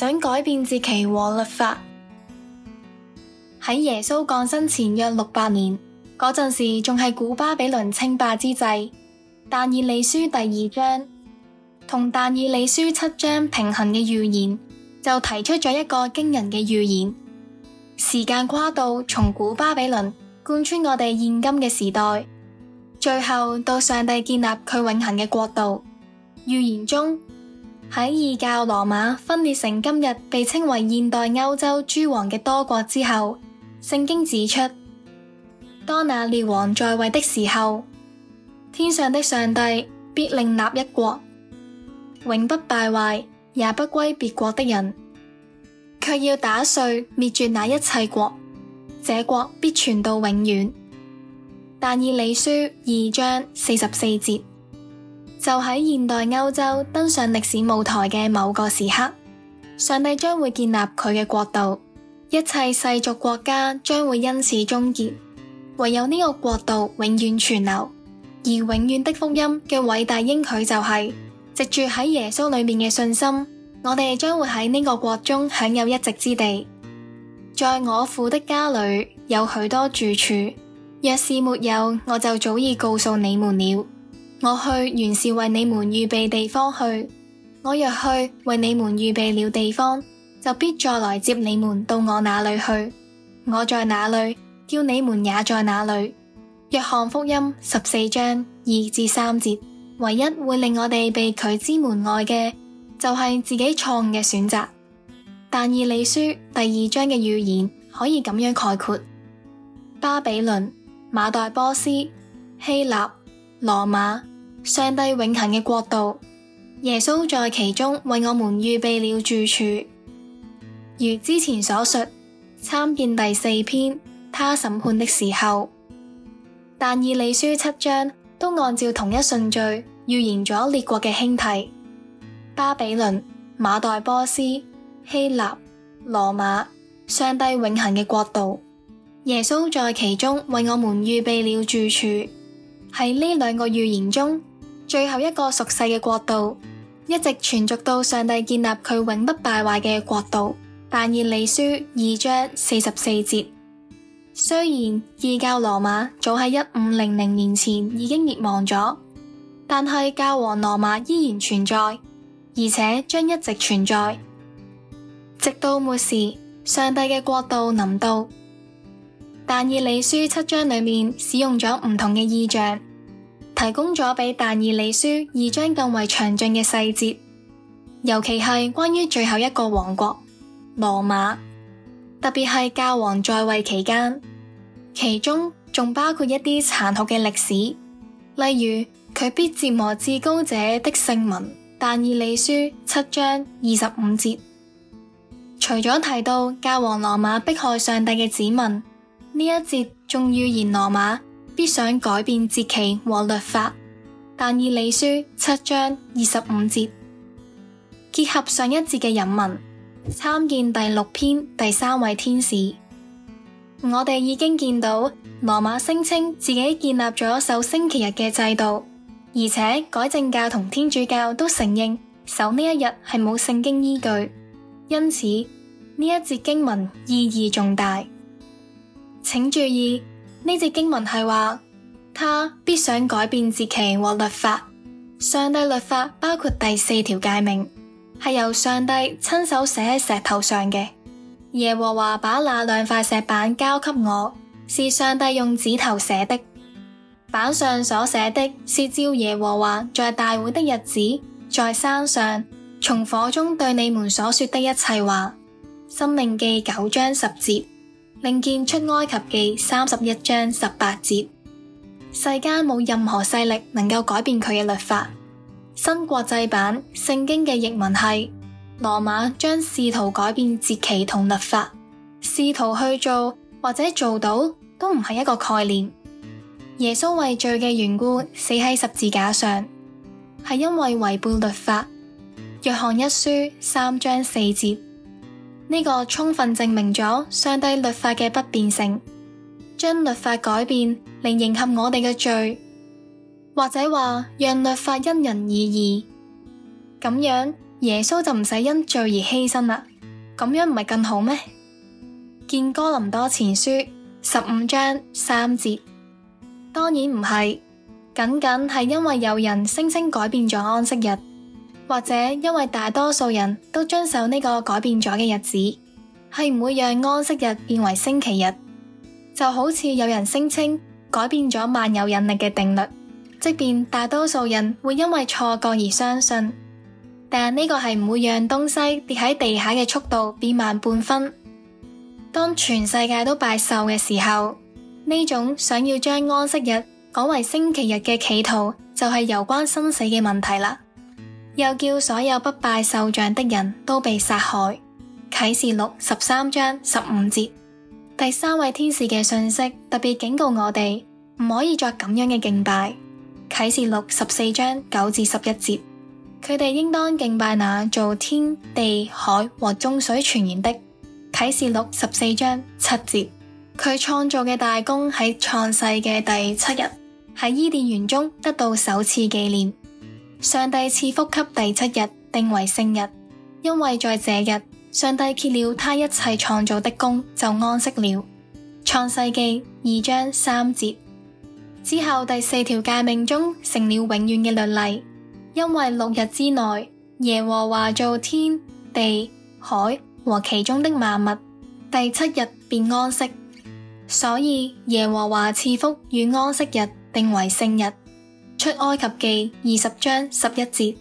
想改變節期和律法，喺耶穌降生前約六百年嗰陣時，仲係古巴比倫稱霸之際。但以理書第二章同但以理書七章平衡嘅預言，就提出咗一個驚人嘅預言，時間跨度從古巴比倫貫穿我哋現今嘅時代，最後到上帝建立佢永恆嘅國度。預言中。喺異教羅馬分裂成今日被稱為現代歐洲諸王嘅多國之後，聖經指出，當那列王在位的時候，天上的上帝必另立一國，永不敗壞，也不歸別國的人，卻要打碎滅絕那一切國，這國必存到永遠。但以理書二章四十四節。就喺現代歐洲登上歷史舞台嘅某個時刻，上帝將會建立佢嘅國度，一切世俗國家將會因此終結，唯有呢個國度永遠存留。而永遠的福音嘅偉大應許就係，藉住喺耶穌裏面嘅信心，我哋將會喺呢個國中享有一席之地。在我父的家裏有許多住處，若是沒有，我就早已告訴你們了。我去原是為你們預備地方去，我若去為你們預備了地方，就必再來接你們到我那裏去。我在哪裏，叫你們也在哪裏。約翰福音十四章二至三節，唯一會令我哋被拒之門外嘅，就係、是、自己錯誤嘅選擇。但以理書第二章嘅預言可以咁樣概括：巴比倫、馬代波斯、希臘、羅馬。上帝永恆嘅國度，耶穌在其中為我們預備了住處。如之前所述，參見第四篇，他審判的時候。但以理書七章都按照同一順序預言咗列國嘅興替：巴比倫、馬代波斯、希臘、羅馬。上帝永恆嘅國度，耶穌在其中為我們預備了住處。喺呢兩個預言中。最後一個屬世嘅國度，一直存續到上帝建立佢永不敗壞嘅國度。但以理書二章四十四節，雖然異教羅馬早喺一五零零年前已經滅亡咗，但係教皇羅馬依然存在，而且將一直存在，直到末時上帝嘅國度臨到。但以理書七章裏面使用咗唔同嘅意象。提供咗俾但以理書二章更為詳盡嘅細節，尤其係關於最後一個王國羅馬，特別係教皇在位期間，其中仲包括一啲殘酷嘅歷史，例如佢必折磨至高者的聖民，但以理書七章二十五節，除咗提到教皇羅馬迫害上帝嘅子民，呢一節仲預言羅馬。必想改變節期和律法，但以理書七章二十五節，結合上一節嘅引文，參見第六篇第三位天使。我哋已經見到羅馬聲稱自己建立咗守星期日嘅制度，而且改正教同天主教都承認守呢一日係冇聖經依據。因此呢一節經文意義重大，請注意。呢隻經文係話，他必想改變節期和律法。上帝律法包括第四條誡命，係由上帝親手寫喺石頭上嘅。耶和華把那兩塊石板交給我，是上帝用指頭寫的。板上所寫的是照耶和華在大會的日子，在山上從火中對你們所說的一切話。申命記九章十節。另見《出埃及記》三十一章十八節，世間冇任何勢力能夠改變佢嘅律法。新國際版聖經嘅譯文係：羅馬將試圖改變節期同律法，試圖去做或者做到都唔係一個概念。耶穌為罪嘅緣故死喺十字架上，係因為違背律法。約翰一書三章四節。呢個充分證明咗上帝律法嘅不變性，將律法改變嚟迎合我哋嘅罪，或者話讓律法因人而異，咁樣耶穌就唔使因罪而犧牲啦，咁樣唔係更好咩？見哥林多前書十五章三節，當然唔係，僅僅係因為有人聲稱改變咗安息日。或者因為大多數人都遵守呢個改變咗嘅日子，係唔會讓安息日變為星期日，就好似有人聲稱改變咗萬有引力嘅定律，即便大多數人會因為錯覺而相信，但呢個係唔會讓東西跌喺地下嘅速度變慢半分。當全世界都拜獸嘅時候，呢種想要將安息日改為星期日嘅企圖，就係有關生死嘅問題啦。又叫所有不拜獸像的人都被殺害。啟示錄十三章十五節，第三位天使嘅信息特別警告我哋唔可以作咁樣嘅敬拜。啟示錄十四章九至十一節，佢哋應當敬拜那造天地海和眾水泉源的。啟示錄十四章七節，佢創造嘅大功喺創世嘅第七日喺伊甸園中得到首次紀念。上帝賜福給第七日，定為聖日，因為在這日，上帝歇了他一切創造的功就安息了。創世紀二章三節之後，第四條誡命中成了永遠嘅律例，因為六日之內，耶和華造天地海和其中的萬物，第七日便安息，所以耶和華賜福與安息日，定為聖日。出埃及記二十章十一節，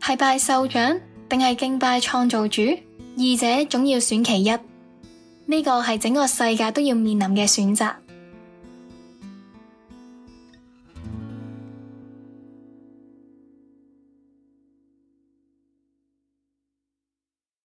係拜獸像定係敬拜創造主？二者總要選其一，呢、這個係整個世界都要面臨嘅選擇。